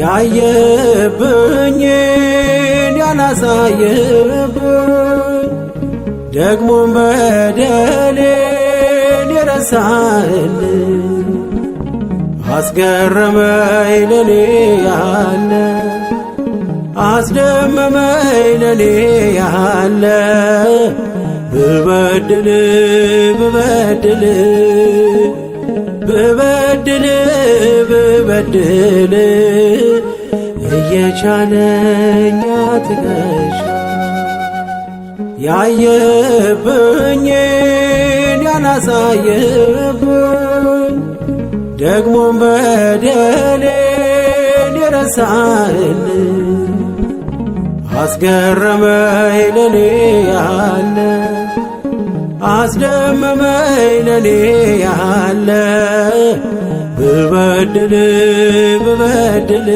ያየብኝን ያላሳየብኝ ደግሞ በደሌን የረሳል አስገረመኝ ለኔ ያለ አስደመመኝ ለኔ ያለ ብበድል ብበድል ብበድል ብበድል እየቻለኛ ትከሻ ያየብኝን ያላሳየብኝ ደግሞም በደሌን የረሳልን አስገረመኝ ለኔ ያለ አስደመመኝ ለኔ ያለ ብበድል ብበድል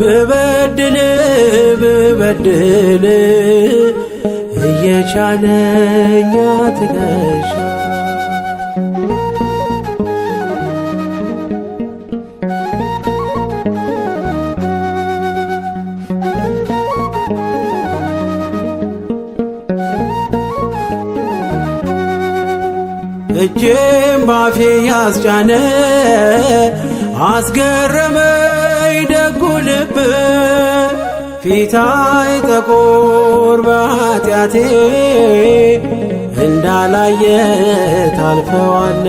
ብበድል ብበድል እየቻለኛ ትገሻ እጄም ባፌ ያስጫነ አስገረመኝ ደጉ ልብ ፊታይ ጠቆር በኃጢአቴ እንዳላየ ታልፈዋለ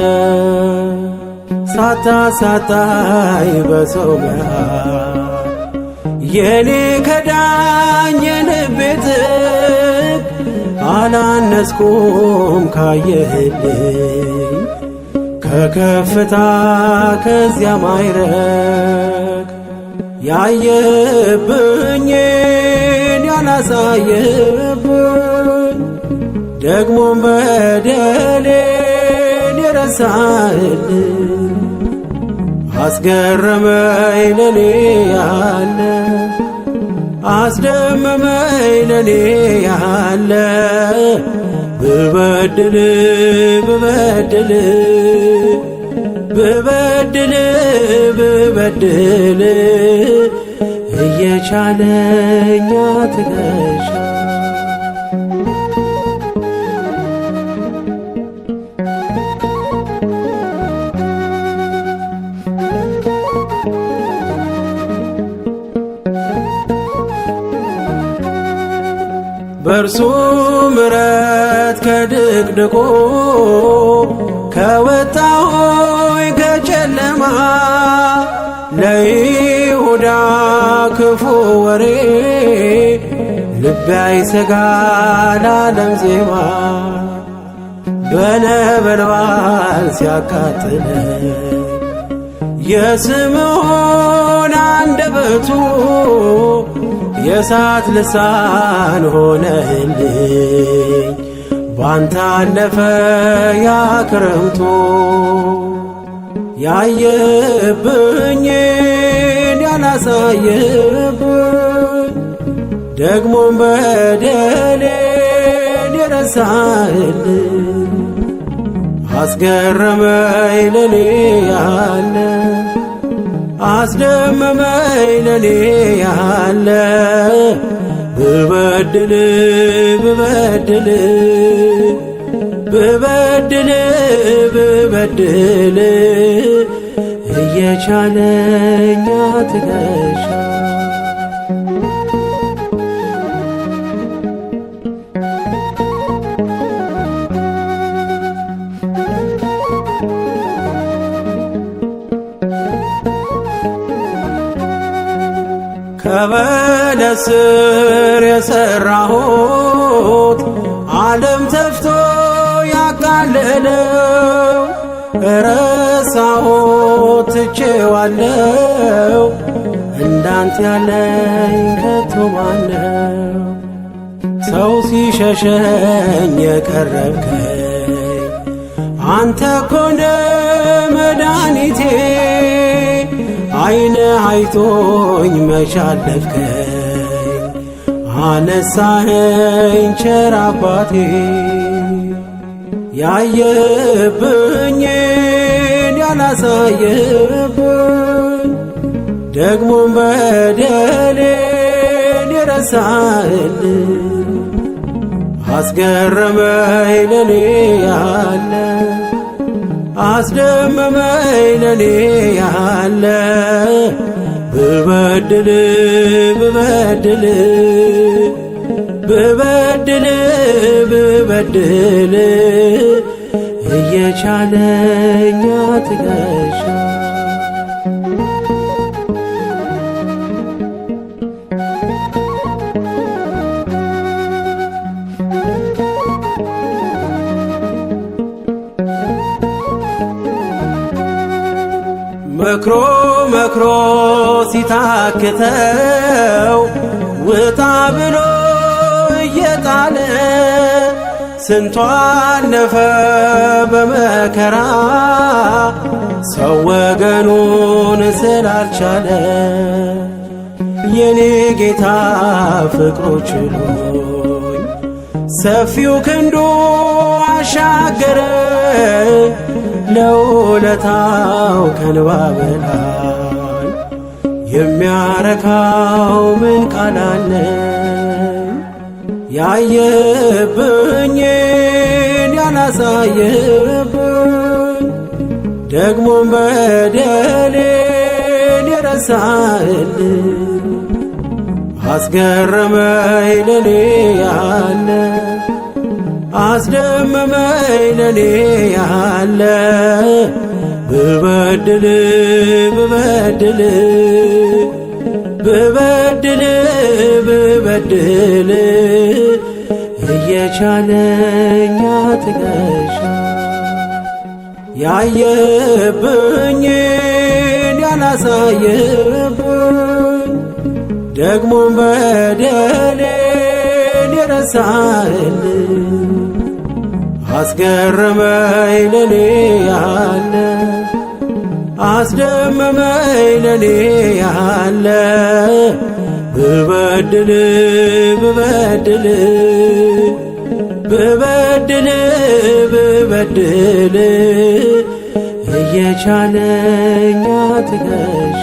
ሳታ ሳታይ በሰው የኔ ከዳኝ አላነስኩም ካየህልኝ ከከፍታ ከዚያ ማይረግ ያየብኝን ያላሳየህብኝ ደግሞም በደሌን የረሳህልኝ አስገረመኝ ለኔ ያለ አስደመመኝ ለኔ ያለ ብበድል ብበድል ብበድል ብበድል እየቻለኛ ትገሻ የእርሱ ምረት ከድቅድቆ ከወጣሁኝ ከጨለማ ለይሁዳ ክፉ ወሬ ልቤ አይሰጋ ለዓለም ዜማ በነበልባል ሲያቃጥለኝ የስምዖን አንደበቱ የእሳት ልሳን ሆነህልኝ ባንተ አለፈ ያክረምቶ ያየብኝን ያላሳየብኝ ደግሞም በደሌን የረሳህልኝ አስገረመኝ ለኔ ያለ አስደመመኝ ለኔ ያለ ብበድል ብበድል ብበድል ብበድል እየቻለኛ ትገሻ ስር የሰራሁት ዓለም ተፍቶ ያቃለለው ረሳሁት ትቼዋለው እንዳንተ ያለኝ ከቶዋለው ሰው ሲሸሸኝ የቀረብከኝ አንተ ኮነ መድኃኒቴ አይነ አይቶኝ መቻለፍከኝ አነሳኸኝ ቸር አባቴ ያየህብኝን ያላሳየህብኝ ደግሞም በደሌን የረሳህል አስገረመኝ ለኔ ያለ አስደመመኝ ለኔ ያለ ብበድል ብበድል ብበድል ብበድል እየቻለኛ ትገሻ መክሮ መክሮ ሲታክተው ውጣ ብሎ እየጣለ ስንቷ አለፈ በመከራ ሰው ወገኑን ስላልቻለ የኔ ጌታ ፍቅሩ ችሎኝ ሰፊው ክንዱ አሻገረ ለውለታው ከንባበላ የሚያረካው ምን ቃል አለ? ያየብኝን ያላሳየብኝ ደግሞም በደሌን የረሳል አስገረመኝ ለኔ ያለ አስደመመኝ ለኔ ያለ ብበድል ብበድል ብበድል ብበድል እየቻለኛ ትገሻ ያየብኝን ያላሳየብኝ ደግሞም በደሌን የረሳልኝ አስገረመኝ ለኔ ያለ አስደመመኝ ለኔ ያለ ብበድል ብበድል ብበድል ብበድል እየቻለኛ ትገሻ